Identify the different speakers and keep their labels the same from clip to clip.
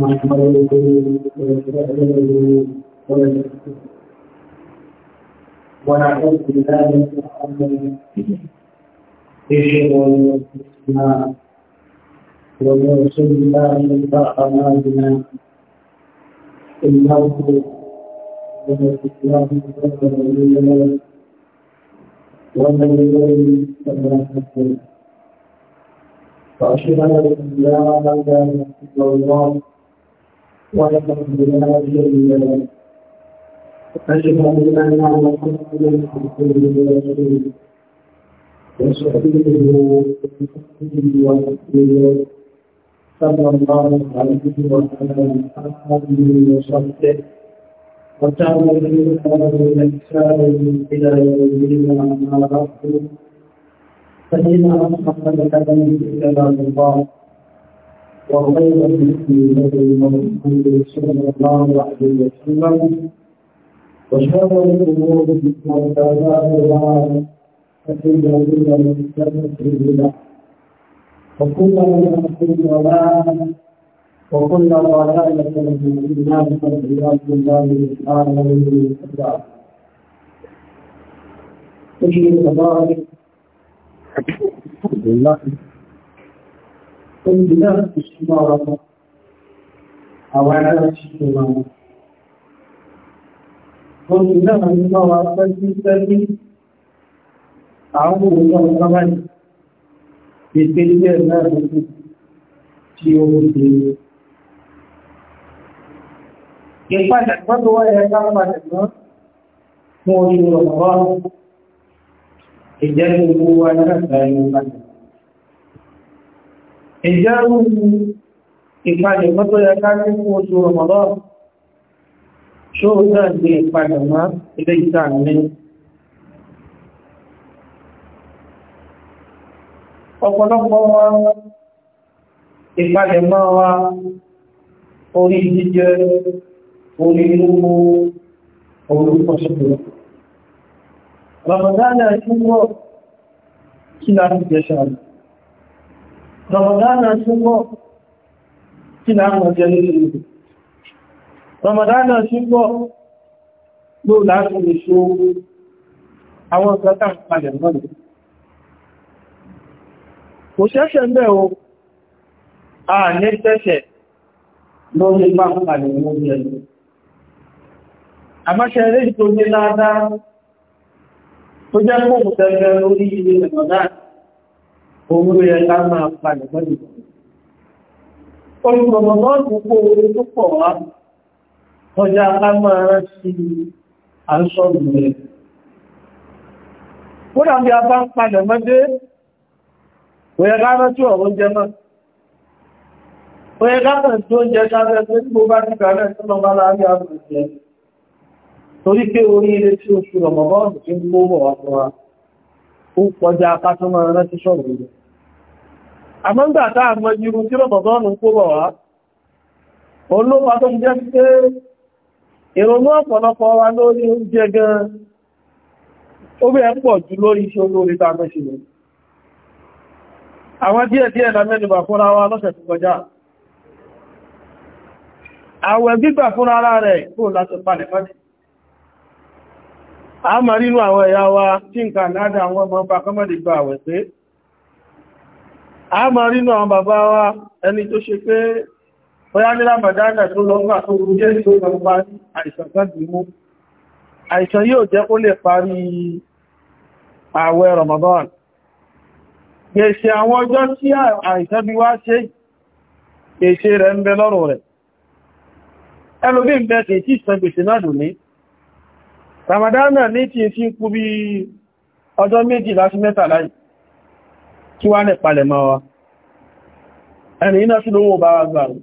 Speaker 1: نحمده ونستعينه ونستغفره ونعوذ بالله من شرور انفسنا ومن سيئات اعمالنا انه من يهده الله ومن يضلل فلا هادي له واشهد ان لا اله الا الله ولكم بلا شيء أشهد أن محمدا عبده ورسوله وصحبه صلى الله عليه وعلى آله وصحبه وتعمل له الإحسان إلى يوم الدين أما بعد فإن أصحاب الكلام وخير الذكر هدي محمد صلى الله عليه وسلم وشر الامور محدثاتها فان كل محدثه بدعه وكل بدعه ضلاله وكل ضلاله في النار فضيلات الله سبحانه وتعالى تجي تبارك الله oúnjẹ náà àwọn ará ti súnmọ́ wọn oúnjẹ náà ń mọ́ wa pẹ́sí pẹ́sí ilé náà ló tí ó ń ṣe ìpadà gbọ́dọ̀ wáyé ká padà náà fún oṣù rọ̀mọ́ ìjẹ́ gbogbo wọn padà ìjẹ́rù ìpalẹ̀mọ́ tó yẹ ká ní fún oṣù Ramadan ṣóò náà ní ìpalẹ̀mọ́ ilé ìta ní
Speaker 2: ọ̀pọ̀lọpọ̀ wa ìpalẹ̀mọ́ wa
Speaker 1: orí jíjẹ orí lúgbó orúkọ ṣùgbọ́n Ramadan náà ṣúgbọ́ kí
Speaker 2: láti jẹ́ ṣàrùn
Speaker 1: ramadana ṣúgbọ́
Speaker 2: tí láàrín ọjọ́ lórí ìlú ramadana ṣúgbọ́ ló láti lè ṣó àwọn ọ̀sọ́ta ń padà kò ṣẹ́ṣẹ́ mẹ́ o a ní ṣẹ́ṣẹ́ lórí bá ń padà mọ́lù àmáṣẹ́ eré ìtò ní láadáa tó jẹ́ mọ́ owó yẹ máa padà mọ́jù olùgbọ̀mọ̀ náà tó kó orí tó pọ̀ wá tọ́já ká máa rántí àṣọ́bù rẹ̀ kódà bí a bá ń padà mọ́dé òyẹ ká rántí tí mo bá ti kàrẹ́ tó lọ tí oṣù rọ̀mọ̀bọ́ọ̀dù ó kọjá akásọ́mọ́ rántí sọ̀rọ̀ rẹ̀. àmọ́gbà táà mọ irú tí rọ̀bọ̀bọ́nù kó bọ̀ wá olóòpá jẹ́ pé ìrònú ọ̀pọ̀lọpọ̀ wa lórí oúnjẹ gan ó bẹ́ẹ̀ pọ̀ jù lórí iṣẹ́ lọ àwọn díẹ̀ díẹ̀ fúnra wa lọ́sẹ̀ tó a máa rínú àwọn ẹ̀yà wa tí n kà ládà àwọn ọmọ ọba kọmọ̀dé gba àwẹ̀ pé a máa rínú àwọn bàbá wa ẹni tó ṣe pé bóyá ní ramadana tó lọ wà tó jẹ́ tó lọ parí àìsàn kan dì mú àìsàn yóò jẹ́ kó lè parí àwẹ̀ ramadan gbèsè àwọn ọjọ́ tí àìsàn bí wá ṣe gbèsè rẹ̀ ń bẹ lọ́rùn rẹ̀ ẹlòmí ń bẹ kìí tí ìsàn gbèsè náà dùn ní ramadana ní tí fi ń kú bí ọjọ́ méjì láti mẹ́ta láì kí wá nẹ̀ palẹ̀ máa wa ẹni iná sí lówó bá wá gbà rẹ̀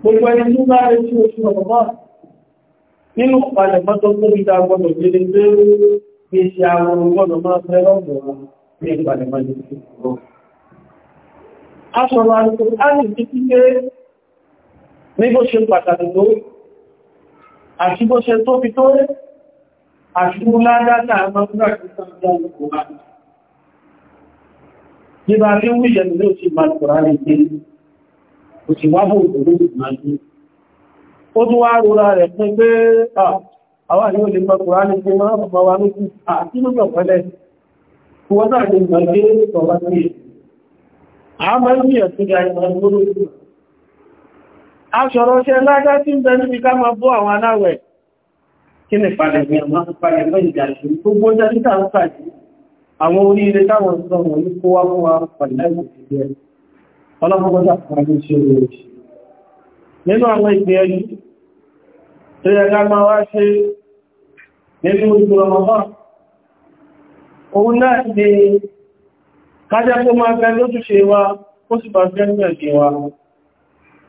Speaker 2: gbogbo ẹni tí bá rẹ̀ tí ó ṣe ọ̀pọ̀ nínú palẹ̀ mọ́tọ́ tó bí dáa gbọ́dọ̀ jẹ́ pé bí i ṣe àwọn gbọ́dọ̀ máa fẹ́ lọ́pọ̀ ní ìpalẹ̀ mọ́tọ́ àti bó ṣe tó fi tó rẹ̀ àti mú ládáta àmọ́gbà tí ó sọ ìgbà nígbà tí ó wíyẹ̀ ló ti máa kòrá lè gbé kò sì wá bó òkú lórí ìmájú ó tún wá rọra rẹ̀ pín pé àwọn yóò lè máa kòrá lè gbé máa bàbá wa lójú àti aṣọ̀rọ̀ ṣe lágá tí ń bẹ níbi ká máa bọ́ àwọn aláwẹ̀ kí ni pàdẹ̀gbẹ̀ máa ń pàdẹ̀gbẹ̀ ìdàṣù tó gbọ́jẹ́ títà ń pàdé àwọn oríire táwọn sọ wọ̀n ní kó wá fún wa pàdẹ̀gbẹ̀ ìdàṣù Kájá kó máa gẹ́ lójúṣe wa, ó sì bá gẹ́ ní ẹ̀gbẹ̀ wa.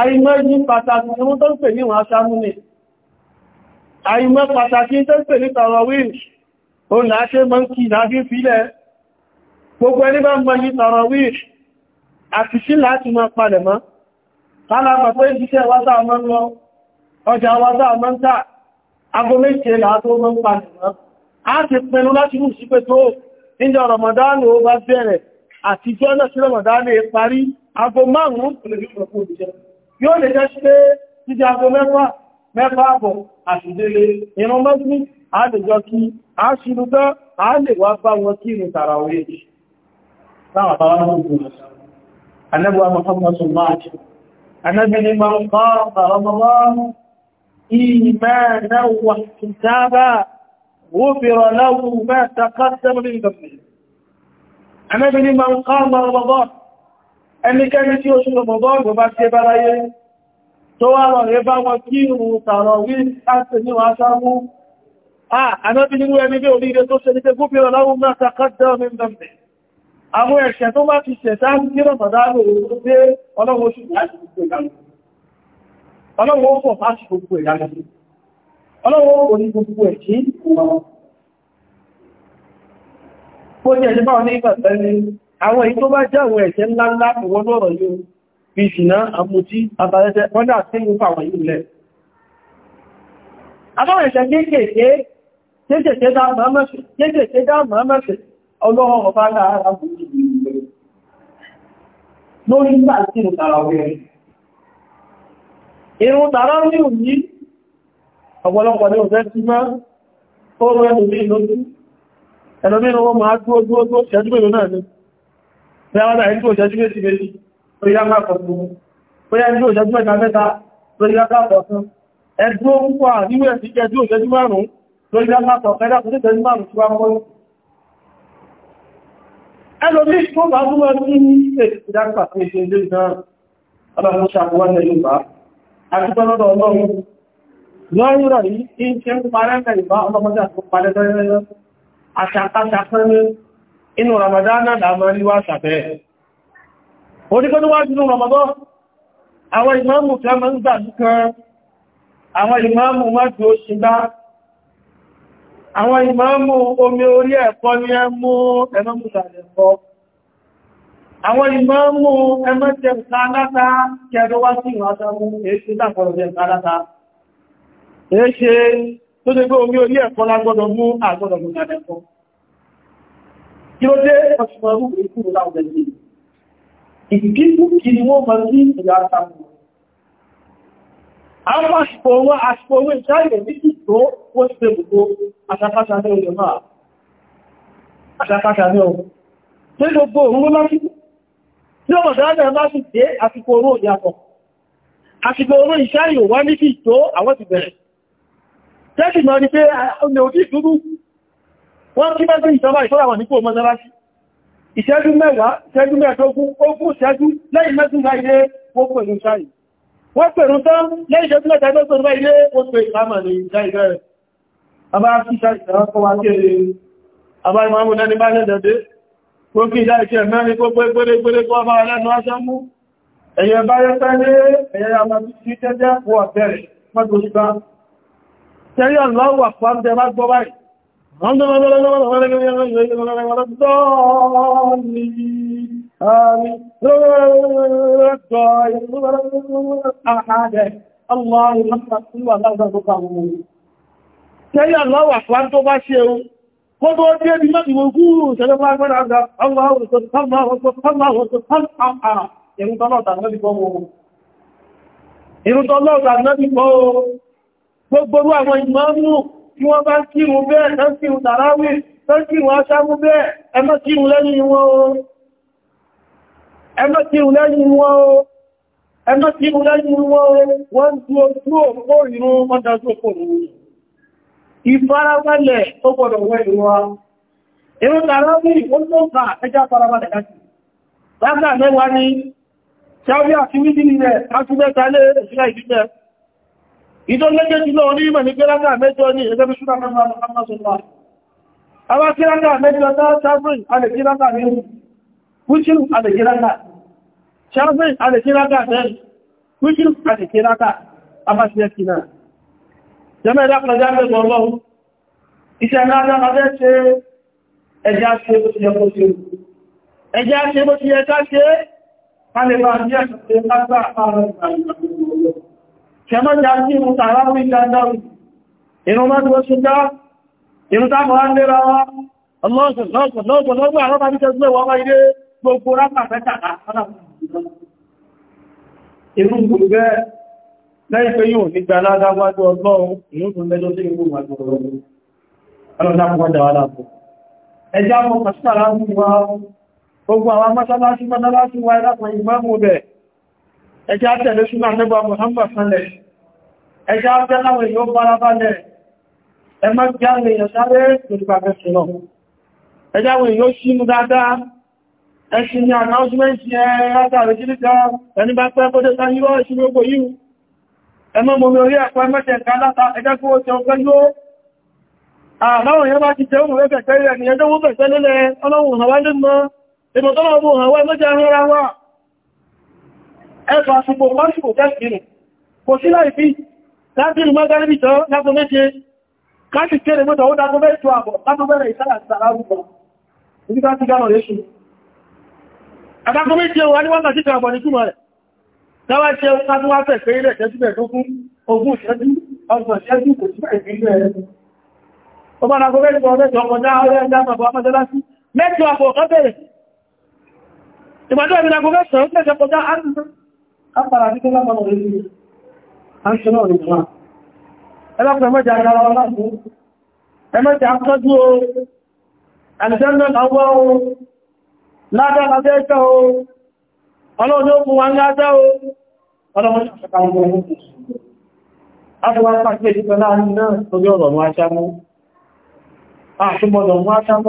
Speaker 2: àìmọ́jú pàtàkì tí wọ́n tó ń pè ní wọn aṣámú ní àìmọ́ pàtàkì tó ń pè ní tarawih o láṣẹ́ mọ́ kí láti fílẹ̀ gbogbo ẹni bá mọ́ yí tarawih àti sí láti mọ́ palẹ̀ mọ́ tálàbà pé ìṣẹ́ wátà mọ́ lọ ọjà wátà mọ́ tà agbó méje látó mọ́ palẹ̀ mọ́ a ti pinnu láti mú sí pé Ramadan ó bá bẹ̀rẹ̀ àtijọ́ náà Ramadan parí agbó márùn-ún yóò lè jẹ́ ṣe títí aago mẹ́fà mẹ́fà àbọ̀ àṣìdélé ìran mọ́sí a lè jọ kí a ṣìlúgbẹ́ a lè wá bá wọn kí ní tààrà orí láwọn àbáwọn ọmọ Ànábì Muhammad sallallahu alaihi wasallam غفر له ما تقدم من ذنبه أنا بن من قام رمضان ẹnikẹ́ni tí oṣù lọmọ̀bọ́ọ̀gbọ̀ bá ti ẹbá láyé tó wá lọ rẹ bá wọn kí ìrùn tààrọ̀ wí láti ní wọ́n aṣáwú ànábí nínú ẹni bí oríire tó ṣe ní pé gómìnà láwọn mẹ́ta kọ́dọ̀ mi mẹ́fẹ́ àwọn ẹ̀ṣẹ̀ tó bá ti ṣẹ̀ sáàkì kí rọ̀mọ̀dánù òwúrúdé ọlọ́wọ́ oṣù láti gbogbo ìdánù ọlọ́wọ́ ó pọ̀ fásì gbogbo ìdánù ọlọ́wọ́ ó pọ̀ ní gbogbo ẹ̀kí ìwọ̀n àwọn èyí tó bá jẹ́ àwọn ẹ̀ṣẹ̀ ńláńlá ìwọ́n lọ́rọ̀ yóò fi ṣìná àmútí àtàrẹsẹ wọ́n dà sí ìwọ́n àwọn tí mo tàrà wẹ́rẹ́ ní òní ọ̀pọ̀lọpọ̀ ní òfẹ́ tí máa ó rẹ̀ lórí lójú ẹ̀lọ́mí Bóyá ẹni tó ṣẹ́jú méjì méjì, tó yá máa kọ̀ fún. Bóyá ẹni tó ṣẹ́jú mẹ́ta mẹ́ta, tó yá máa kọ̀ fún. Ẹgbó púpọ̀ níwẹ̀ sí jẹ́ tó ṣẹ́jú márùn-ún, tó yá máa kọ̀ fẹ́dá tó ṣẹ́jú márùn-ún tí wá mọ́. Ẹlòmí tó bá túnmọ̀ sí ìdájúpà fún ìṣẹ́ ilé ìdára, ọlọ́run ṣàkúwọ́n ẹ̀yìn bá. Àti tọ́lọ́dọ̀ ọlọ́run, inú ramadana láàmà ríwá sàfẹ́ oníkọ́níwájú inú ramadan àwọn ìmáàmù tí a máa ń gbà dúkan àwọn ìmáàmù mọ́tí ó ṣe bá àwọn ìmáàmù omi orí ẹ̀kọ́ ní ẹmú ẹmọ́mù sàlẹ̀kọ́ àwọn ìmáàmù ẹmọ́tẹ̀ sáláta kẹrọwá sí ìwásámú èéṣe lápọ̀lọ̀dẹ̀ sáláta èéṣe tó tẹ́gbẹ́ omi orí ẹ̀kọ́ lágbọ́dọ̀ mú àgbọ́dọ̀ mú kí ló dé ọ̀ṣùnmọ̀ ọdún ìkúrò láwọn ẹgbẹ́ ìkíkú kí ni wọ́n mọ̀ sí ìyá sáwọn àwọn àṣìkò owó àṣìkò owó ìjáyẹ̀ méjì tó ó ṣe gbogbo àṣàkáṣà ní olè máa àṣàkáṣà ní ọmọ tí gbogbo òun lásìkò tí ọmọ dáadáa bá sì dé àṣìkò owó ìyàtọ̀ àṣìkò owó ìṣáyẹ̀ wá méjì tó àwọn ti bẹ̀rẹ̀ wọ́n kí mẹ́sí ìjọba ìṣọ́ràwọ̀ ní kò mọ́sánláṣí ìṣẹ́jú mẹ́wàá ṣẹ́jú mẹ́ẹ̀ẹ́dógún ogún ṣẹ́jú lẹ́yìn mẹ́sùn láìlé gbogbo ìlú ṣáyì wọ́n pẹ̀rù tán lẹ́yìn ìṣẹ́jú mẹ́ẹ̀ẹ́dógún láìlé gbogbo ìkámà ní ìṣáyì bẹ̀rẹ̀ àbá ṣíṣà ìṣẹ́rọ́kọ́ wá kéré àbá ìmọ̀ ní bá lẹ́dẹ̀dẹ́ gbogbo ìdá ìṣẹ́ mẹ́rin gbogbo ìgbèrègbèrè kọ́ bá lẹ́nu aṣẹ́mú ẹ̀yẹ bá yẹ́ pẹ́lẹ́ ẹ̀yẹ àmàtí sí tẹ́jẹ́ fún ọ̀tẹ́rẹ̀ mọ́tò ṣíká tẹ́rí àlọ́wà fún àmì Tẹ́yà lọ́wà fún tó bá ṣe o, kó tó dé bí mọ́ ìwò gúrù ṣẹlẹ̀ máa gbọ́nà àgbà, Allah ọ̀sọ̀ tánmà ọ̀sọ̀ tánmà ọ̀sọ̀ tánmà ẹ̀rùn tọ́lọ́ta náà bí kọ́ tí wọ́n bá kírun bẹ́ẹ̀ tán kírun tàráwì tán kírun aṣámú bẹ́ẹ̀ ẹ má kírun lẹ́yìn wọn o ẹ má kírun lẹ́yìn wọn o ẹ má kírun lẹ́yìn wọn o wọ́n tú ojú òpó ìrún wọ́n dájú òpó ìrún ìfarabalẹ̀ tó gbọdọ̀ wọ ìrún wa ìrún tàráwì ó tó kà ẹjá farabalẹ̀ káàkiri lágbà mẹ́wàá ni ṣáwí àti wíjì nílẹ̀ káṣúgbẹ́ta lé ìṣúra ìbílẹ̀ ìdọ́lẹ́jẹ́ ti lọ ní ìmọ̀ ní kíráńdà mẹ́jọ ní ẹgbẹ́ ṣúra mẹ́fà mọ́sánmà sọ́lá. àwọn kíráńdà mẹ́jọ tá sáfíìn alẹ́kíráńdà ní wíṣírù alẹ́kíráńdà sáfíìn alẹ́kíráńdà tẹ́lì wíṣírù alẹ́kíráńdà abáṣẹ́kínà jẹ́mẹ́ ìdápẹ́já mẹ́jọ ọlọ́run iṣẹ́ ńlá lábẹ́ ṣe ẹjá ṣe bó ti yẹ kó ṣe ẹjá ṣe bó ti yẹ ká ṣe kẹmọ́já sí mú tààrà orí dandan inú mọ́tí wọ́n ṣúgbá inú táàmù wá ń lè ra wá lọ́gbọ̀lọ́gbọ̀ àwọn bàbí gbogbo lẹ́yìn pé yóò nígbà ládáwájú ọlọ́run inú tó mẹ́jọ sí ìwò wájú ẹjá pàṣípàá àwọn ẹjá tẹ̀lé súnà nígbà Muhammad sanlẹ̀ ẹjá tẹ́láwọn èèyàn bárabalẹ̀ ẹ má já lè yàn sáré lórípàá sínú ẹjá wọn èèyàn sínú ni àkáwọ́símẹ́sì ẹ látàrí jíríkà ẹni bá pẹ́ kó dé sáyírọ́ ìṣúrí ogbò yìí ẹmọ́ mọ́ mi orí àpá mẹ́tẹ̀ẹ̀ká látà ẹjá kó tẹ ọgbẹ́ yóò àbáwọn èèyàn bá ti tẹ òun rẹ̀ rẹ̀ ni ẹjọ́ wọ́n bẹ̀ tẹ́lẹ́lẹ́ ọlọ́run hàwá lè mọ́ ìmọ̀tọ́lọ́run hàwá ẹmọ́jẹ́ ara wà ẹ̀fà àsìkò mọ́sìkò tẹ́sìkìrì kò sí láì fi lábìrì mọ́gánibì tọ́ lágbó méje káàkì kéré mọ́ta ó dágbó mẹ́rin tó àbọ̀ lágbó mẹ́rin ìsára sàárùgbà ibi ká ti gáwọ̀ rẹ̀ ṣù àdágbó méje wà ní wákàtí kan àbọ̀ ní túnmọ̀ rẹ̀ dáwà jẹ́ káàkùnwáfẹ́ pé ilẹ̀ tẹ́síbẹ̀ tó fún Apàrà tí tó lápàá lórí sí, a ń ṣe náà nìkan náà. Ẹlọ́pẹ̀ mọ́jà agbára wọn láti, ẹmọ́jà akọ́jú o, àlìjẹ́ndọ́ àwọ́ o, ládá ládá ẹ̀ṣẹ́ o, ọlọ́dún ó fún wa ní ádá o, ọlọ́mọ́jà ṣàkàwọn ọmọ ọmọ Àtúwà pàṣẹ ìdíkọ láàrin náà torí ọ̀rọ̀ mú aṣámú. Àṣúgbọ́dọ̀ mú aṣámú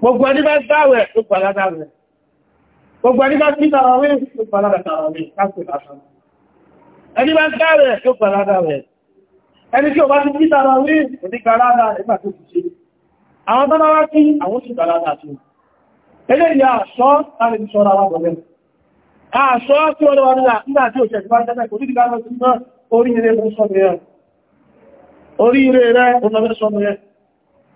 Speaker 2: gbogbo ẹni bá dáwẹ̀ tó pàládà rẹ̀ gbogbo ẹni bá títàrà rẹ̀ tó pàládà rẹ̀ káàkiri lásán ẹni bá dáwẹ̀ tó pàládà rẹ̀ ẹni tí ó bá ti títàrà rẹ̀ òní pàládà nígbà tó ti ṣe àwọn tó bá wá kí àwọn sì pàládà tó ẹlẹ́ ìyá àṣọ́ láti ṣọ́ra wà bọ̀lẹ̀ àṣọ́ tí ó lọ́wọ́ nígbà nígbà tí ó ṣẹ̀ tí wá jẹ́ orí ìgbà lọ sí mọ́ orí ilé mú rẹ̀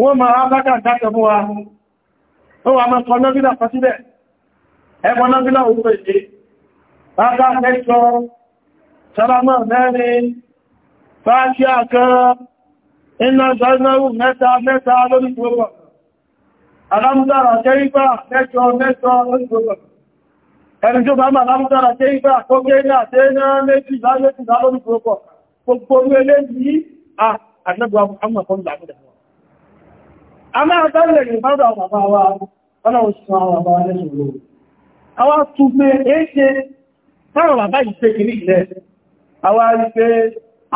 Speaker 2: wọ́n máa rábákà dákẹ̀ fún wa ó wà máa kọ nọ́bílà kan síbẹ̀ ẹgbọ́n nọ́bílà orúkọ ìdí bàbá mẹ́jọ sálámà mẹ́rin fàáṣíà kan iná zanárù mẹ́ta mẹ́ta lórí gbogbo alámúdára kẹ́rígbà mẹ́jọ mẹ́jọ lórí gbogbo ẹni a máa tẹ́lẹ̀ ìfádà bàbá wa ọlọ́run sí àwọn bàbá wa lẹ́sùn lóò àwọn tún pé éṣe táwọn bàbá yìí pé kìí ilẹ̀ àwọn rí pé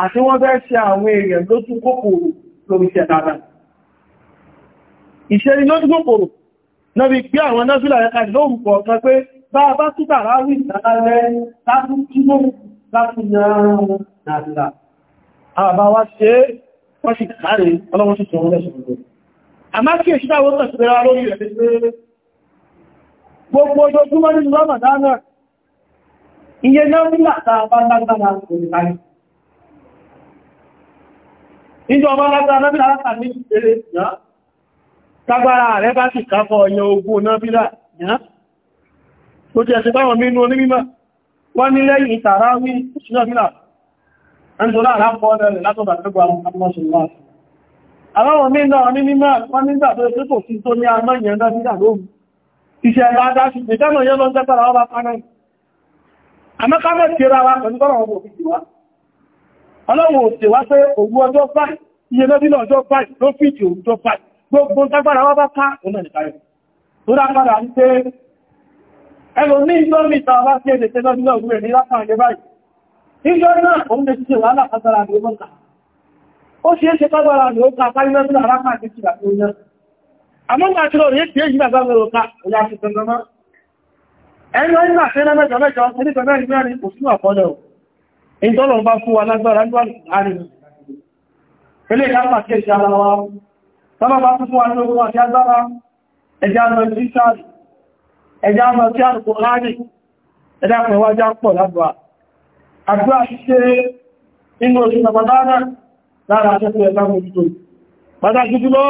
Speaker 2: àti wọ́n bẹ́ ṣe àwọn èèyàn lójú kòkòrò lórí iṣẹ́ dáadáa ìṣẹ́ni lójú kòkòrò náà bí gbé àwọn náfílà rẹ̀ kalẹ̀ lórúkọ ọ̀kan pé bá a bá túbà ráwì ìdálẹ́ látún túbọ̀ látún yára náà àwọn bá wá ṣe é wọ́n sì kárẹ̀ ọlọ́wọ́n sì tún lẹ́sùn lórí àmákí èṣìdáwó tẹ̀sìdára lórí rẹ̀ gbogbo ojoojúmọ́ nínú lọ́màdánà iye náà nílà tàbá lágbàrá òmìnirí ìjọ ọba lágbàrá náà látàrí ìṣẹ́lẹ̀ ìyá tágbàrá rẹ̀ bá ti káfọ́ ọyẹ ogun náà bílá ìyá tó jẹ́ ṣe báwọn mínú onímọ̀ wọ́n ní lẹ́yìn ìtàrá ní ìṣúná bílá àwọn mínà ní mímọ̀ wọn nígbà tó ṣe kò sí tó ní àmọ́ ìyẹn dá sídà lóòrùn iṣẹ́ ìrádá sí ìdánà yẹ́ lọ jẹ́tàrà ọba panel àmọ́ ká mẹ́ kéré wa pẹ̀lú tọ́rọ ọmọ òfin tiwa ọlọ́run ò tèwá pé òwú ọjọ́ báyìí iye lọ́bí náà ọjọ́ báyìí ló fìdí òwú ọjọ́ báyìí gbogbo tágbàrà wá bá ká òun ẹ̀nìkà rẹ̀ tó dápadà ń pé ẹlò ní ìjọ́ mìta wá sí ẹ̀dẹ̀ tẹ́lọ́dún ní lápá báyìí ìjọ́ náà òun lè ṣiṣẹ́ wàhálà pátálà àgbẹ̀mọ́ta ó ṣe é ṣe tágbàrà ní ó ká fáyínà sí àrápá àti ìtìlà tó yá àmọ́gbà tí lọ rí èsì èyí bàbá mẹ́rọ ká ọlá ti tẹ́gbẹ̀mọ́ ẹni wọ́n nígbà fẹ́ mẹ́jọ mẹ́jọ onígbà mẹ́rin mẹ́rin kò sínú àkọọ́lẹ̀ ò ìtọ́lọ̀ bá fún wa lágbára ń gbọ́n láàrin ilé ìdápà kí èsì ara wa tọ́lọ̀ bá fún wa lórí wa ti agbára ẹjá lọ sí sáàrì ẹjá lọ àdúrà ṣe inú oṣù Ramadan lára akẹ́kọ̀ọ́ ẹ̀ká mojútó pàtàkì jùlọ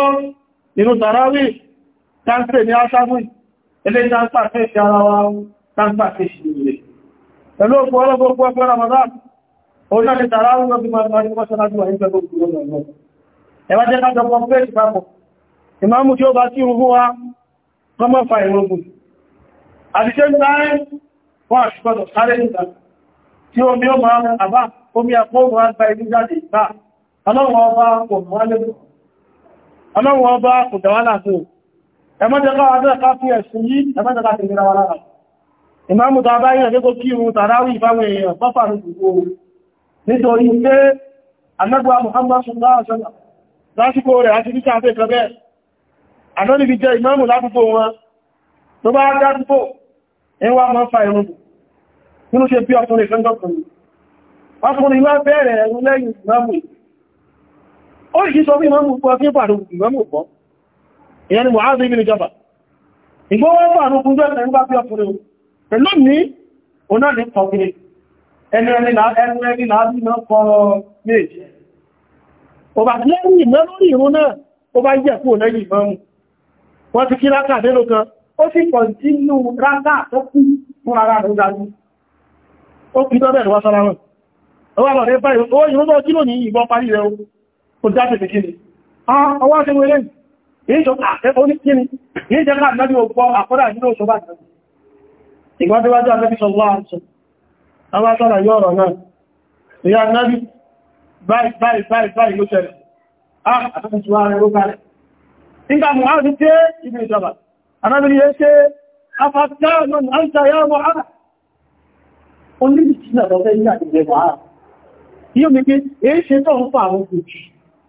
Speaker 2: inú tàráwì tánṣẹ́ ní ásáfún ilé tánṣàfẹ́ sí ara wa tánṣàfẹ́ sí ilẹ̀ pẹ̀lú òkú ọlọ́gbọ́gbọ́ ọgbọ́ Ramadan ó náà ni tàráwì lọ́gbọ́n Tí omi ọmọ àbá, omi àpọ̀ òmùra gba ìlú jáde báà ọlọ́wọ́ ọba kò dáwálà tó ẹmọ́jẹ́ká adẹ́ẹ̀ká fi ẹ̀sùn yìí ẹmọ́jẹ́ká ti nira wọ́n lára ìmáàmù tó abáyé ẹ̀kẹ́kọ́ kí irun tàráwì ìfáwọn èèyàn pọ́pàá ní gbogbo nítorí pé anẹ́gbà Muhammad sallallahu alaihi wasallam lásìkò rẹ̀ àti ní káàfẹ́ kẹfẹ́ anọ́lìbí jẹ́ ìmáàmù lápúpọ̀ wọn tó bá dájúpọ̀ ẹwà mọ́ fa ó ìjí sọ fí ìmọ́mù pọ̀ fí pàrọ̀ ìmọ́mù pọ̀ ìyẹn ni Mu'adh ibn Jabal ìgbó wọ́n pàrọ̀ ogun jẹ́ ẹ̀rùn bá fi ọkùnrin pẹ̀lú ní oná lè pọ̀kiri ẹni ẹni láàbí náà kọ méjì ọba lẹ́yìn ìmọ́ lórí ìrún náà ó bá yẹ̀ kú lẹ́yìn ìmọ́mù wọ́n ti kí rákà délò kan ó sì pọ̀ sínú rákà tó kú fún ara rẹ̀ dájú ó kí tọ́bẹ̀ ìwọ́sára wọn ó wà lọ́rẹ́ báyìí ó ìrún náà kí lò ní parí rẹ̀ kò jáde bí kíni ọwọ́ ṣe wẹ́rẹ́ Nígbà mọ̀ áàrùn tí ibi ìjọba, arábìnrin yẹ ṣe afẹ́tẹ́ọ̀nà àìta ya mọ̀ áàrùn. Oníbìtì náà lọ́fẹ́ ní àti ìgbẹ̀wà. Yíò mi pé, èé ṣe tọ́ ń fà àwọn òkùnkùn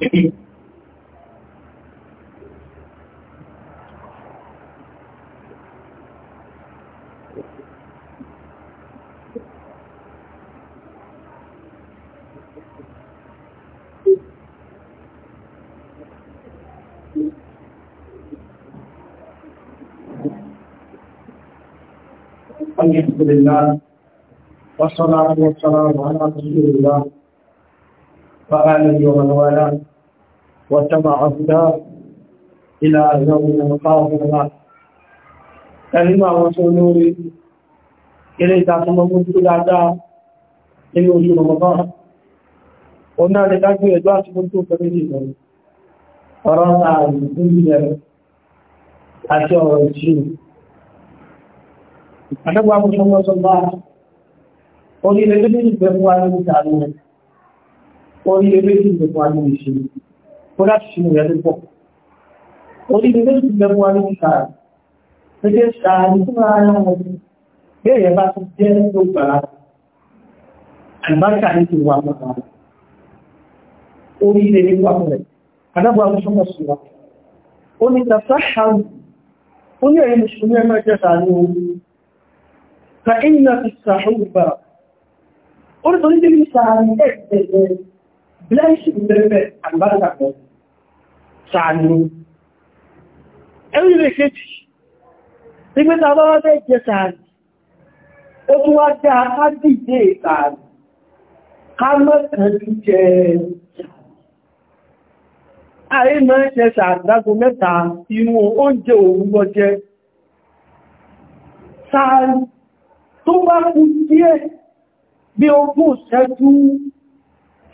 Speaker 1: الحمد لله والصلاة والسلام على رسول الله وآله ومن والاه وتبعثنا إلى يوم نلقاه الله كلمة
Speaker 2: وسولوري إليه تاسم مجد الأعداء nínú oṣù Ramadan ọ̀nà rẹ̀ dájú ẹjọ́ àṣíkò tó fẹ́ méjì lọ
Speaker 1: ọ̀rọ̀ ààrùn ìpínlẹ̀ àti ọ̀rọ̀ ìṣirò àdọ́gbà mọ́sánmọ́ sọ bá orílẹ̀-èdè méjì fẹ́ fún wa ní ìtàrí orílẹ̀-èdè méjì fẹ́ fún wa ní ìṣirò kó láti ṣe ìrìn
Speaker 2: ẹ̀lú pọ̀. Orílẹ̀ méjì lẹ́mú wa ní ṣàárì. Gẹ́gẹ́ ṣàárì tó máa ń wọ́n ní bẹ́ẹ̀ bá ti jẹ́ tó gbàrá. Àlùbáríkà ní ti wà mọ́ta. Orílẹ̀ ní wà mọ́rẹ̀. Adábọ̀ àwọn ṣọ́mọ̀ sí wa. Ó ní tàṣà ṣàárì. Ó ní ẹ̀yìn blessing bẹ̀rẹ̀ àgbàtà pọ̀ sàánú ẹ̀rí lè kéjì nígbẹ́ta bá wá bẹ́ jẹ sàánú ó tún wá jẹ́ aká dìde sàánú ká mọ́kànlú jẹ ààrẹ mọ́ jẹ sàánú tó bá kú díẹ̀ bí ogún ṣẹ́jú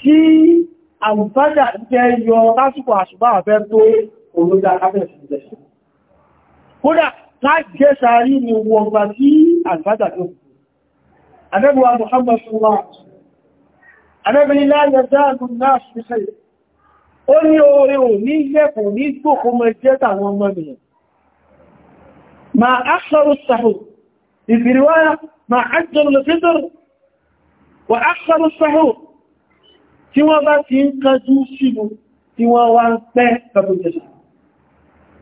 Speaker 2: tí àlùfájà jẹ́ yọ lásìkò àṣùbá àfẹ́ tó olójá afẹ́sìnlẹ̀ṣẹ̀. kódà láìjẹ́ sàárì ni wọ̀gbà tí àlùfájà tó adẹ́bùwa Muhammad sallallahu alaihi wasallam adẹ́bìnrin láyẹ̀ dáàdùn náà ṣe ó ní oore ò ní yẹ́kùn ní gbòkó mọ jẹ́ tàwọn ọmọ mìíràn ma aṣọ́rù sàhù ìfìríwáyà ma ajọ́rù lè fítọ́rù tí wọ́n bá ti ń kájú sínú tí wọ́n wá ń pẹ́ kàbùjẹsà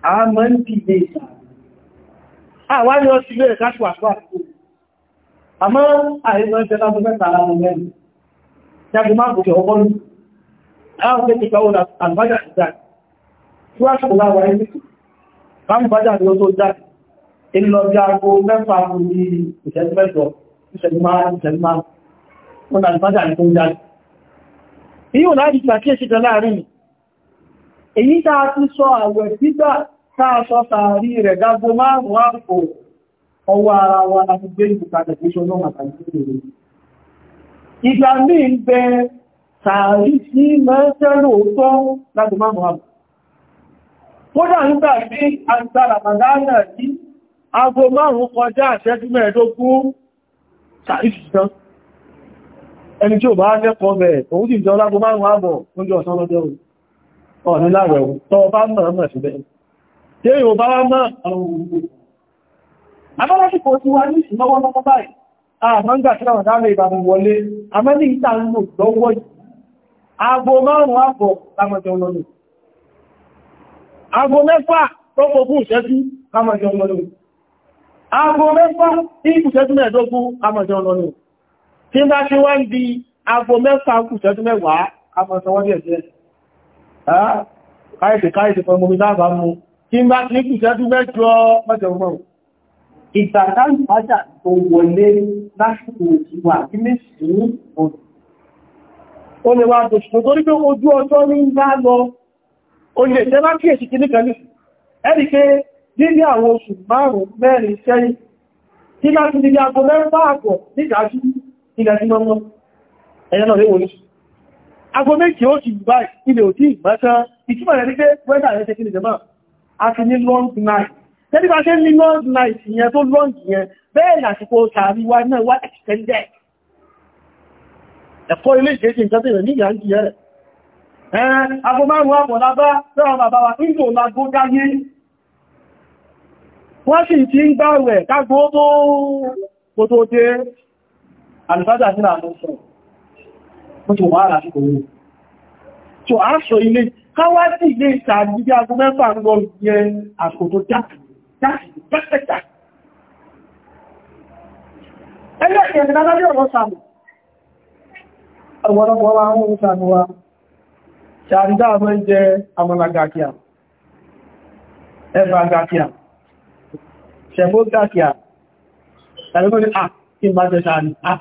Speaker 2: a mọ́ ń dìde ìsà àwá ni ó sì lè káṣù àṣọ àṣọ àmọ́ àìsàn ìjẹta tó mẹ́ta ara wọn mẹ́rin jágbé má kòkè ọgbọ́n ní àwọn òkè ti gbáwọ́ àlùbájá ìjà tí wá ṣùgbọ́n láwọ́ ẹni káàmùbájá ni ó tó já ìlọ bí aago mẹ́fà ní ìṣẹ́jú mẹ́jọ ìṣẹ́jú márùn-ún ìṣẹ́jú márùn-ún ó nà àlùbájá ni tó jáde èyí ò láti pàkíyèsí tẹ láàrin èyí tàà ti sọ àwẹ̀ títà tàà sọ sàárì rẹ̀ gágbó márùn-ún àpò ọwọ́ ara wa láti gbé ìbùkàtẹ̀ tí ṣọ́nà àtàkùnrin ìgbà míì ń bẹ sàárì sí mẹ́sẹ́lò tó lágbó márùn-ún àpò kódà nígbà sí àgbàrà màdánà yìí aago márùn-ún kọjá àṣẹ́jú mẹ́ẹ̀ẹ́dógún sàárì sí tán ẹni tí ó bá lẹ́kọ̀ọ́ bẹ̀ òun sì jọ lágbó márùn-ún àbọ̀ oúnjẹ ọ̀sán lọ́jọ́ ọ̀nà láàrẹ̀ tọ́ bá mọ̀ sí bẹ́ẹ̀ tí èyí ò bá wá mọ́ àwọn olùgbò abọ́lásìkò tí aago mẹ́fà tọ́pọ̀ ìṣẹ́jú lámọ́jọ lọ́lọ́ aago mẹ́fà ní tí bá ti wá ń di aago mẹ́fà kù tẹ́jú mẹ́wàá afọ́sọwọ́dí ẹ̀jẹ́ káìsì káìsì fún ọmọ ìdáàbà mú tí bá ti kù tẹ́jú mẹ́jọ mẹ́jọ ìtàkàrí pàjá tó wọlé lásìkò ìwà kí méjì ní ọdún. ó lè wá dòṣùn tó rí pé ojú ọjọ́ ní ńlá lọ o lè tẹ́ bá kí èsì kìíní kan nìsù ẹ́rì pé níbi àwọn oṣù márùn-ún mẹ́rin sẹ́yìn tí láti níbi agbó mẹ́rin bá àgbọ̀ nígbàájú Ago méjì ó ti gbá ilẹ̀ òtí ìgbàta, ìtumọ̀ rẹ̀ ní wẹ́dà rẹ̀ ṣe ní jẹmọ́, a ti ní long night. Tẹ́lí bá ṣe ní long night yẹn tó long yẹn, bẹ́ẹ̀ lásìkò sàárì wa náà wá extended. Ẹ̀kọ́ ilé alifájà sí àwọn ọ̀sọ̀ wọ́n tó wà láti kòrò tó a sọ ilé káwá sí ilé ìtàjú bí agun mẹ́fà ń lọ yẹ àsìkò tó dákìtà ẹlẹ́kẹ̀ẹ́ ìrìnàlárí ọ̀rọ̀ sàmù ọ̀wọ̀lọpọ̀ wa ń rú sàmù wa ṣàrídá àmọ́ jẹ àmọ́lá gàkíà ẹ̀bà gàkíà ṣẹ̀bó gàkíà ṣàrídá àmọ́ jẹ àmọ́lá gàkíà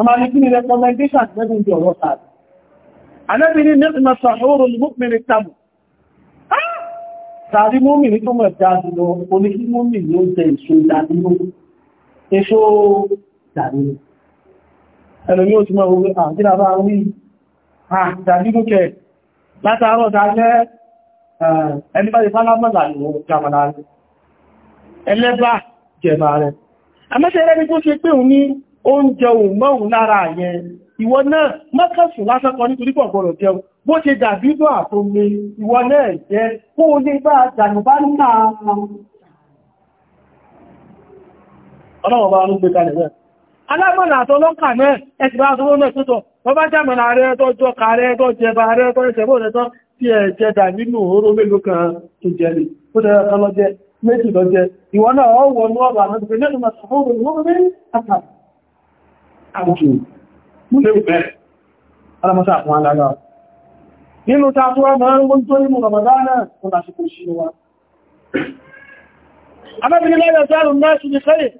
Speaker 2: أما لكني recommendation لازم دي الله تعالى أنا بني نعمة سحور المؤمن التمر Tàbí múmìnì tó mọ̀ jáde lọ, oníkí múmìnì ó jẹ èso ìdàdínú, èso ìdàdínú. Ẹlòmí ó ti mọ̀ orí àjíra bá rí àdàdínú kẹ látàárọ̀ dájẹ́ ẹni bá lè fálámọ́lá ìwọ̀n jàmàlá rẹ̀. Ẹlẹ́bà jẹ̀bà rẹ̀. Àmẹ́sẹ̀ rẹ̀ ni kó ṣe pé òun ní oúnjẹ òmọ́un lára yẹn ìwọ náà mọ́kànsù lásán kan nítorí pọ̀gbọ̀rọ̀ jẹun bó ṣe dàbí ìdó àtomi ìwọ náà jẹ́ kó o lè bá jànúbá náà ọlọ́wọ̀ bá ń gbé kalẹ̀ rẹ̀ alámọ̀nà àtọlọ́kà náà ẹ̀sì bá sọ́wọ́ náà tótọ̀ wọ́n bá jámọ̀nà rẹ̀ tó jọ kààrẹ tó jẹba àjò múlé ìfẹ́ alamọ́sá fún alára nínú tàbíwá máa ń gún tó nínú ramadana fún àsìkò ṣíwa abẹ́bìnrin lẹ́yẹ̀ sáàrù náà ṣe ní kẹ́lẹ̀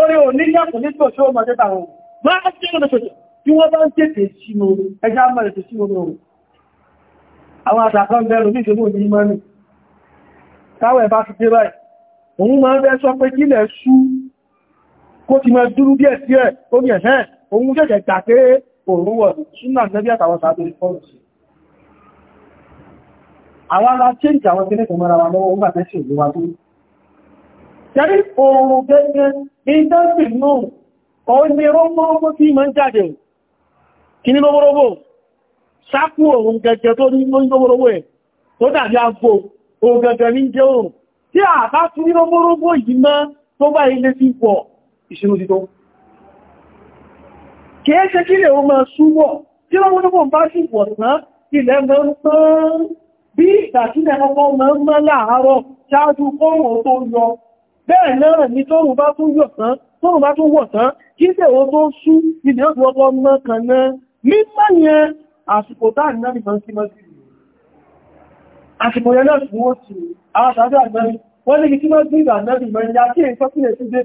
Speaker 2: orí ò ní yàtọ̀ nítò ṣe ó máa jẹta wọn máa á tí ó tí wọ́n bá ń tètè sínú ẹjá mẹ́rin tó sínú ọ̀rọ̀ àwọn àtàkọ́ bẹ̀rù ní ìṣẹ́lú kó ti máa dúró díẹ̀ sí ẹ̀ ó ní ẹ̀ṣẹ́ òun ṣẹ̀ṣẹ̀ gbà pé òun wọ̀ súnà nẹ́bí àtàwọn sàádọ́ ìfọ́rùn sí àwọn ará change àwọn kìnnì kan mara wa lọ́wọ́ ó bàtẹ́ sí ìlúwa jẹ́rí oòrùn gẹ́gẹ́ ìdánsì náà ọ̀nà rọ́gbọ́rọ́gbọ́ tí ma ń jáde kìnnì lọ́wọ́rọ́gbọ́ sápù oòrùn gẹ́gẹ́ tó ní lọ́wọ́rọ́gbọ́ ẹ̀ tó dàbí agbó oòrùn ní jẹ́ oòrùn tí àbá tí lọ́wọ́rọ́gbọ́ yìí mọ́ tó bá ilé sí pọ̀ ìṣirú títọ́ kìí ṣe kí lè o máa súnwọ̀ tí wọ́n wọ́n bá sì wọ̀ tán ilẹ̀ mọ́ ń bí ìtàkílẹ̀ ọkọ̀ mọ́ láàárọ̀ ṣáájú kọ́rùn tó yọ ó ti àwọn àṣáájú àgbẹ̀rin wọ́n lè kí tí wọ́n gbé ìgbà náà ìgbẹ̀rin kí èyí sọ́kùnrin ẹ̀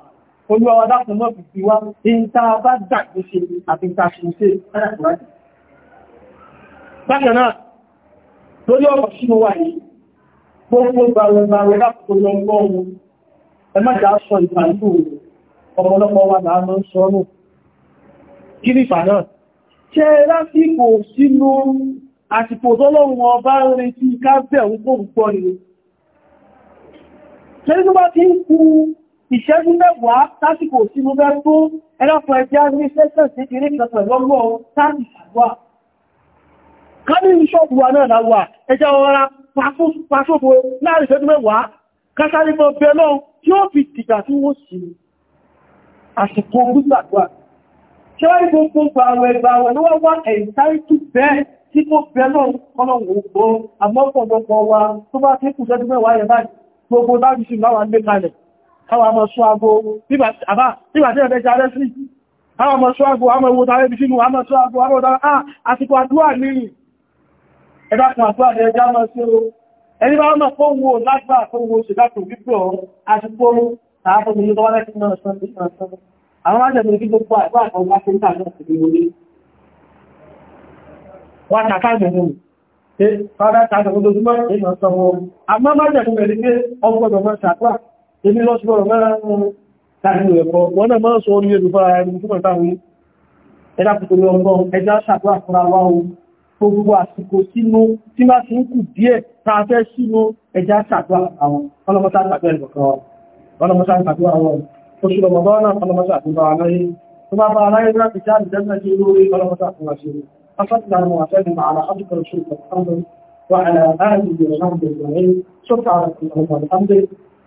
Speaker 2: olúwa wa dákun mọ́ fi fi wá in tá a bá dàgbé ṣe àti ta ṣe ṣe bákan náà lórí ọ̀rọ̀ sínú wà yìí gbogbo gbàwẹ̀gbàwẹ̀ lápò lọ gbọ́ọ̀rùn ẹ má jà sọ ìfàlú ọmọlọ́pọ̀ wà náà mọ́ sọ́nù kí ní ìfà náà ṣe lásìkò sínú àsìkò tọ́lọ́run ọba ń retí ìṣẹ́jú mẹ́wàá tásìkò tí mo bẹ́ tó ẹlọ́pọ̀ ẹjẹ́ ní sẹ́sẹ̀ sí kiri kẹsẹ̀ lọ́gbọ́ tàbí ṣàgbà kánú ìṣọ́bù wa náà láwà ẹjẹ́ ọ̀rá pàṣọ́bù láàrin ìṣẹ́jú mẹ́wàá kásáré mọ́ bẹ lọ́n tí ó fi dìgbà tí wọ́n sì àsìkò gbígbàgbà ṣe wáyé gbogbo gbàwẹ̀ gbàwẹ̀ ló wá wá ẹ̀ǹtáì tó bẹ́ẹ̀ tí kò bẹ lọ́n kọ́nà gbogbo àmọ́pọ̀lọpọ̀ wa tó bá tí kù sẹ́jú mẹ́wàá yẹ báyìí gbogbo láti ṣùgbọ́n wà ń gbé kalẹ̀ àwọn ọmọ ṣúagbó nígbàtí ẹ̀fẹ́ jẹ́ arẹ́sì àwọn ọmọ ṣúagbó àwọn ewu tààrẹ ibi sínú àwọn ṣúagbó ah, àwọn ọ̀dá àtìkò àdúwà ní ẹ̀dàkùn àdúwà ní ẹjá mọ́ sí o ẹni bá mọ́ fún wo lágbà fún wo ṣe dákùn gbígbọ́ àtìkò tààfún mi lọ́wọ́ lẹ́kùn náà sọ́nà àwọn ajẹ́mìí kí gbogbo àgbà àwọn wá sí ìtàlẹ́ ìgbé wọlé wọ́n tàkà ìgbẹ̀rún pé fádá tààtà gbogbo ojúmọ́ èèyàn sọ wọn àmọ́ májẹ̀mú rẹ̀ ní pé ọgbọ́dọ̀ èmi lọ́sùgbọ́rọ̀ máa ń tàbí ẹ̀kọ́ wọ́n náà máa ń sọ orí ẹ̀dùfà ẹni tó mẹ́ta wí ẹ̀dàkùnkùnrin ọgbọ́n ẹjá ṣàdúrà fúnra wá o gbogbo àsìkò sínú tí máa fi ń kù díẹ̀ tààfẹ́ sínú ẹjá ṣàdúrà àwọn ọlọ́mọ́sá àgbẹ̀ ẹ̀kọ́ ọlọ́mọ́sá àgbẹ̀ àwọn oṣù lọ́mọ́bọ́n náà ọlọ́mọ́sá àgbẹ̀ àwọn ayé tó bá bá aláyé láti jáde jẹ́ ọlọ́mọ́sá àgbẹ̀
Speaker 1: àwọn àṣẹ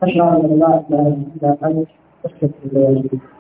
Speaker 1: أشهد أن لا إله إلا أنت أستغفرك